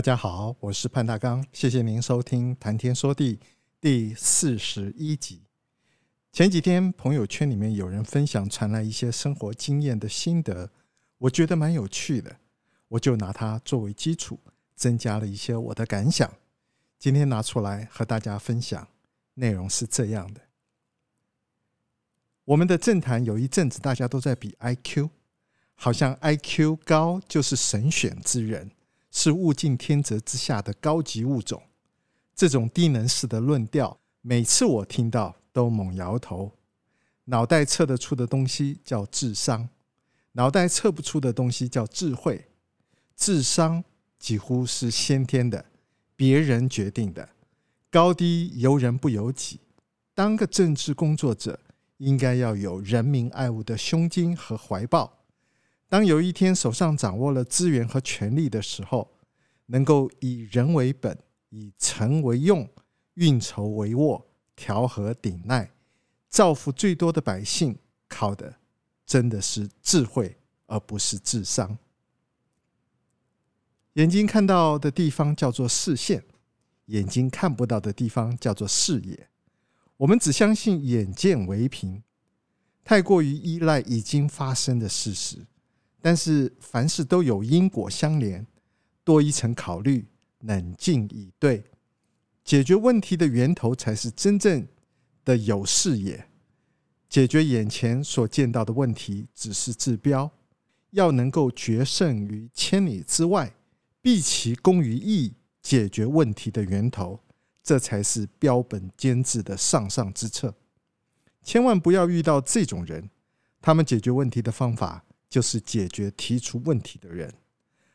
大家好，我是潘大剛，謝謝您收聽《談天說地》第四十一集。前幾天朋友圈裡面有人分享傳來一些生活經驗的心得，我覺得蠻有趣的，我就拿它作為基礎，增加了一些我的感想，今天拿出來和大家分享。內容是這樣的：我們的政壇有一陣子大家都在比 IQ，好像 IQ 高就是神選之人。是物競天擇之下的高級物種，這種低能式的論調，每次我聽到都猛搖頭。腦袋測得出的東西叫智商，腦袋測不出的東西叫智慧。智商幾乎是先天的，別人決定的，高低由人不由己。當個政治工作者，應該要有仁民愛物的胸襟和懷抱。當有一天手上掌握了資源和權力的時候，能夠以人為本、以誠為用、運籌帷幄、調和鼎鼐，造福最多的百姓，靠的真的是智慧，而不是智商。眼睛看到的地方叫做視線，眼睛看不到的地方叫做視野。我們只相信眼見為憑，太過於依賴已經發生的事實。但是凡事都有因果相連，多一層考慮，冷靜以對，解決問題的源頭才是真正的有視野。解決眼前所見到的問題只是治標，要能夠決勝於千里之外，畢其功於一役，解決問題的源頭，這才是標本兼治的上上之策。千萬不要遇到這種人，他們解決問題的方法。就是解決提出問題的人，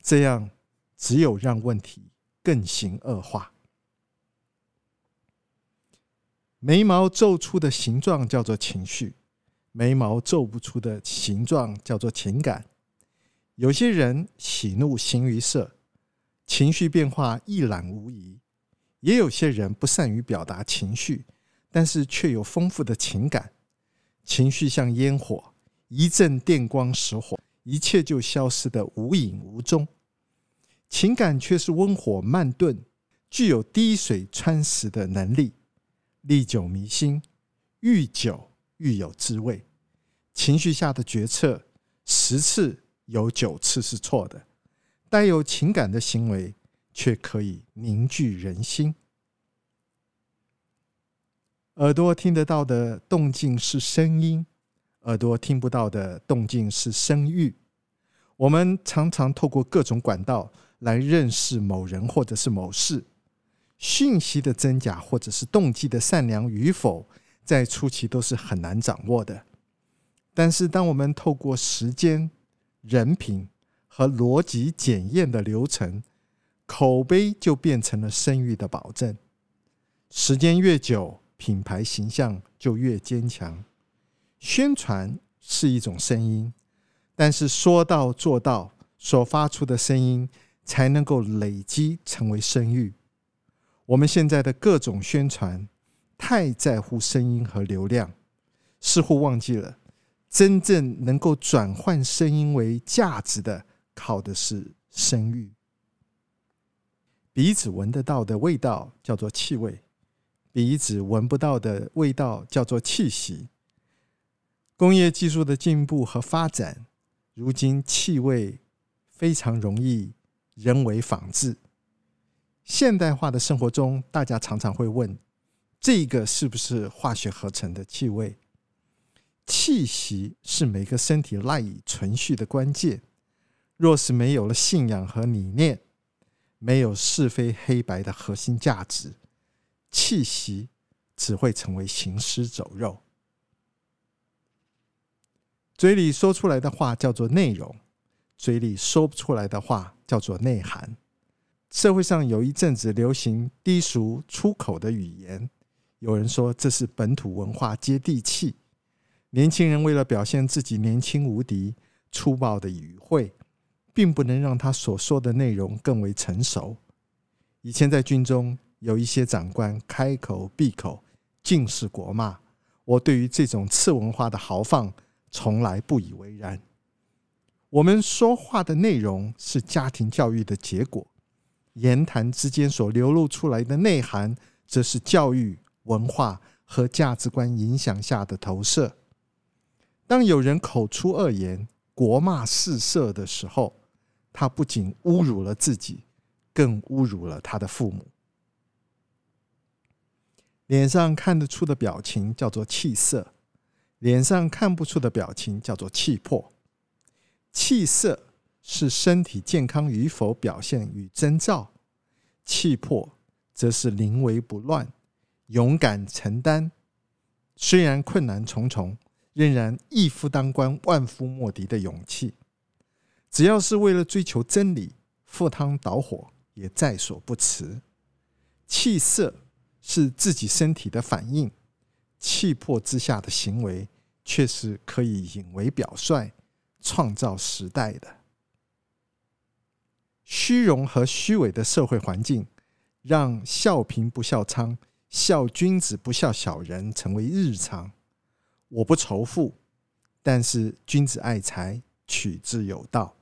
這樣只有讓問題更形惡化。眉毛皺出的形狀叫做情緒，眉毛皺不出的形狀叫做情感。有些人喜怒形於色，情緒變化一覽無遺；也有些人不善於表達情緒，但是卻有豐富的情感。情緒像煙火。一陣電光石火，一切就消失得無影無蹤。情感卻是溫火慢燉，具有滴水穿石的能力，歷久彌新，愈久愈有滋味。情緒下的決策，十次有九次是錯的。帶有情感的行為，卻可以凝聚人心。耳朵聽得到的動靜是聲音。耳朵聽不到的動靜是聲譽。我們常常透過各種管道來認識某人或者是某事，訊息的真假或者是動機的善良與否，在初期都是很難掌握的。但是，當我們透過時間、人品和邏輯檢驗的流程，口碑就變成了聲譽的保證。時間越久，品牌形象就越堅強。宣傳是一種聲音，但是說到做到，所發出的聲音才能夠累積成為聲譽。我們現在的各種宣傳太在乎聲音和流量，似乎忘記了真正能夠轉換聲音為價值的，靠的是聲譽。鼻子聞得到的味道叫做氣味，鼻子聞不到的味道叫做氣息。工業技術的進步和發展，如今氣味非常容易人為仿製。現代化的生活中，大家常常會問：這個是不是化學合成的氣味？氣息是每個身體賴以存續的關鍵。若是沒有了信仰和理念，沒有是非黑白的核心價值，氣息只會成為行屍走肉。嘴裡說出來的話叫做內容，嘴裡說不出來的話叫做內涵。社會上有一陣子流行低俗出口的語言，有人說這是本土文化接地氣。年輕人為了表現自己年輕無敵，粗暴的語彙並不能讓他所說的內容更為成熟。以前在軍中，有一些長官開口閉口盡是國罵，我對於這種次文化的豪放。從來不以為然。我們說話的內容是家庭教育的結果，言談之間所流露出來的內涵，則是教育文化和價值觀影響下的投射。當有人口出惡言、國罵四射的時候，他不僅侮辱了自己，更侮辱了他的父母。臉上看得出的表情叫做氣色。臉上看不出的表情叫做氣魄，氣色是身體健康與否表現與徵兆，氣魄則是臨危不亂、勇敢承擔，雖然困難重重，仍然一夫當關、萬夫莫敵的勇氣。只要是為了追求真理，赴湯蹈火也在所不辭。氣色是自己身體的反應，氣魄之下的行為。確實可以引為表率，創造時代的虛榮和虛偽的社會環境，讓“笑貧不笑娼，笑君子不笑小人”成為日常。我不仇富，但是君子愛財，取之有道。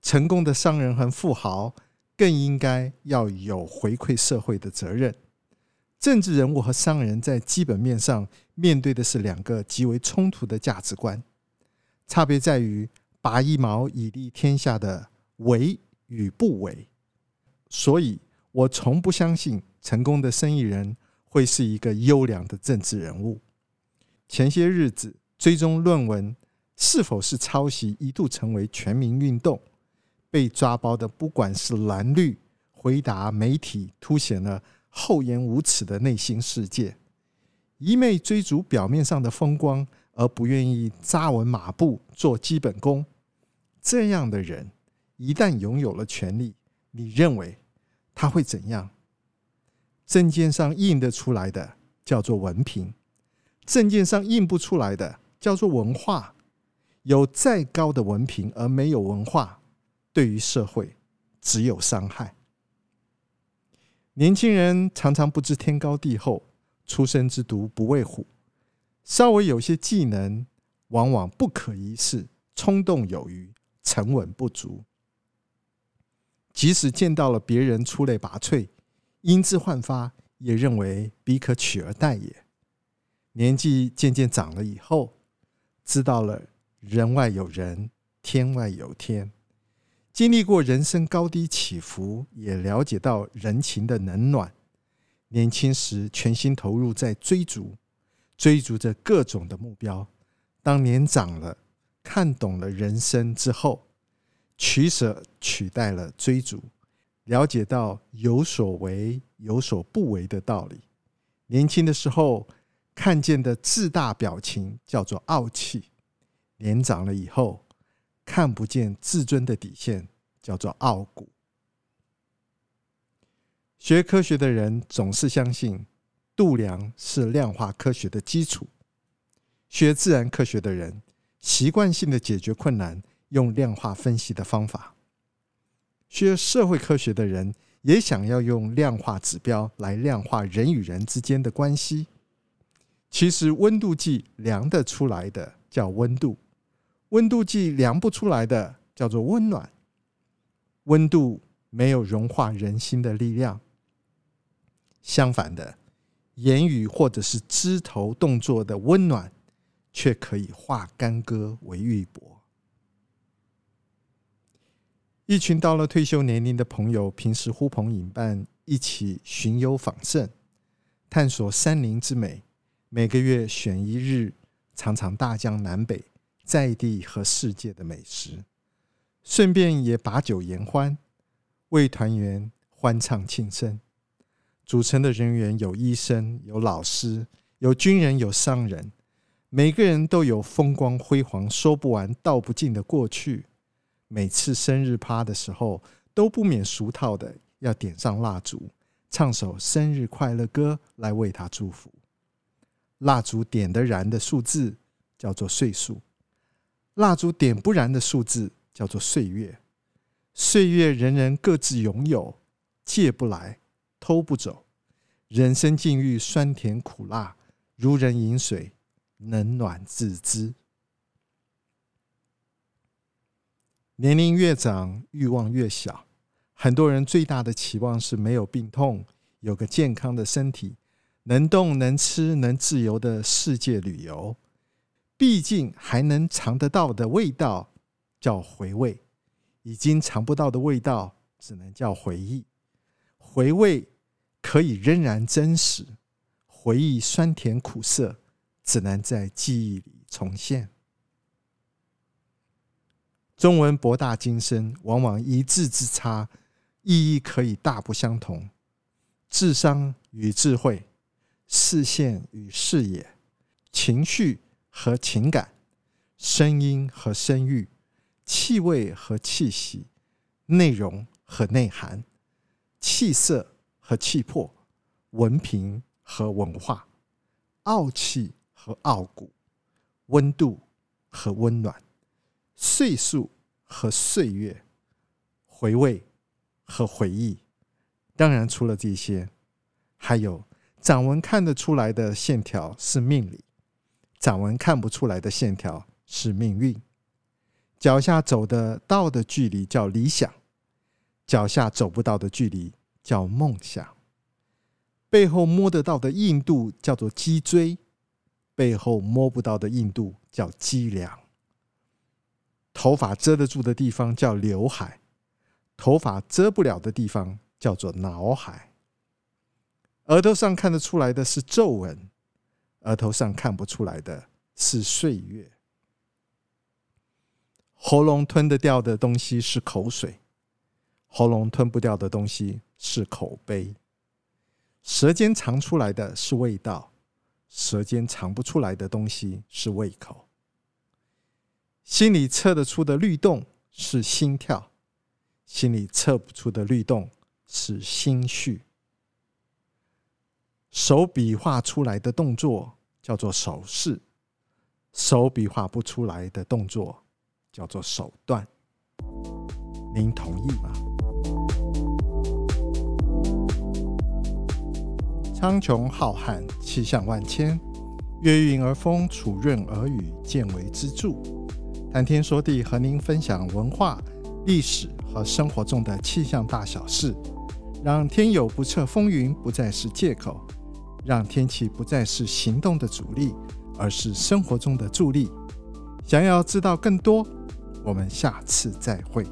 成功的商人和富豪更應該要有回饋社會的責任。政治人物和商人在基本面上。面對的是兩個極為衝突的價值觀，差別在於“拔一毛以利天下”的為與不為。所以，我從不相信成功的生意人會是一個優良的政治人物。前些日子追蹤論文是否是抄襲，一度成為全民運動。被抓包的，不管是藍綠，回答媒體，凸顯了厚顏無恥的內心世界。一味追逐表面上的風光，而不願意扎穩馬步做基本功，這樣的人一旦擁有了權力，你認為他會怎樣？證件上印得出來的叫做文憑，證件上印不出來的叫做文化。有再高的文憑而沒有文化，對於社會只有傷害。年輕人常常不知天高地厚。初生之犢不畏虎，稍微有些技能，往往不可一世，衝動有餘，沉穩不足。即使見到了別人出類拔萃、英姿煥發，也認為彼可取而代也。年紀漸漸長了以後，知道了人外有人，天外有天。經歷過人生高低起伏，也了解到人情的冷暖。年輕時全心投入在追逐，追逐着各種的目標。當年長了，看懂了人生之後，取舍取代了追逐，了解到有所為有所不為的道理。年輕的時候看見的自大表情叫做傲氣，年長了以後看不見自尊的底線，叫做傲骨。學科學的人總是相信，度量是量化科學的基礎。學自然科學的人，習慣性的解決困難，用量化分析的方法。學社會科學的人也想要用量化指標來量化人與人之間的關係。其實溫度計量得出來的叫溫度，溫度計量不出來的叫做溫暖。溫度沒有融化人心的力量。相反的，言語或者是肢體動作的溫暖，卻可以化干戈為玉帛。一群到了退休年齡的朋友，平時呼朋引伴，一起尋幽訪勝，探索山林之美。每個月選一日，嘗嘗大江南北、在地和世界的美食，順便也把酒言歡，為團圓歡唱慶生。組成的人員有醫生、有老師、有軍人、有商人，每個人都有風光輝煌、說不完、道不盡的過去。每次生日趴的時候，都不免俗套的要點上蠟燭，唱首生日快樂歌來為他祝福。蠟燭點得燃的數字叫做歲數，蠟燭點不燃的數字叫做歲月。歲月，人人各自擁有，借不來。偷不走，人生境遇酸甜苦辣，如人飲水，冷暖自知。年齡越長，慾望越小。很多人最大的期望是沒有病痛，有個健康的身體，能動能吃，能自由的世界旅遊。畢竟還能嘗得到的味道叫回味，已經嘗不到的味道只能叫回憶。回味可以仍然真實，回憶酸甜苦澀，只能在記憶裡重現。中文博大精深，往往一字之差，意義可以大不相同。智商與智慧，視線與視野，情緒和情感，聲音和聲譽，氣味和氣息，內容和內涵。氣色和氣魄，文憑和文化，傲氣和傲骨，溫度和溫暖，歲數和歲月，回味和回憶。當然，除了這些，還有掌紋看得出來的線條是命理，掌紋看不出來的線條是命運。腳下走的道的距離叫理想。腳下走不到的距離叫夢想，背後摸得到的硬度叫做脊椎，背後摸不到的硬度叫脊樑。頭髮遮得住的地方叫劉海，頭髮遮不了的地方叫做腦海。額頭上看得出來的是皺紋，額頭上看不出來的，是歲月。喉嚨吞得掉的東西是口水。喉嚨吞不掉的東西是口碑，舌尖嚐出來的是味道，舌尖嚐不出來的東西是胃口。心裡測得出的律動是心跳，心裡測不出的律動是心緒。手比劃出來的動作叫做手勢，手比劃不出來的動作叫做手段。您同意嗎？蒼穹浩瀚，氣象萬千，月暈而風，礎潤而雨，見微知著，談天說地，和您分享文化、歷史和生活中的氣象大小事，讓天有不測風雲不再是借口，讓天氣不再是行動的阻力，而是生活中的助力。想要知道更多，我們下次再會。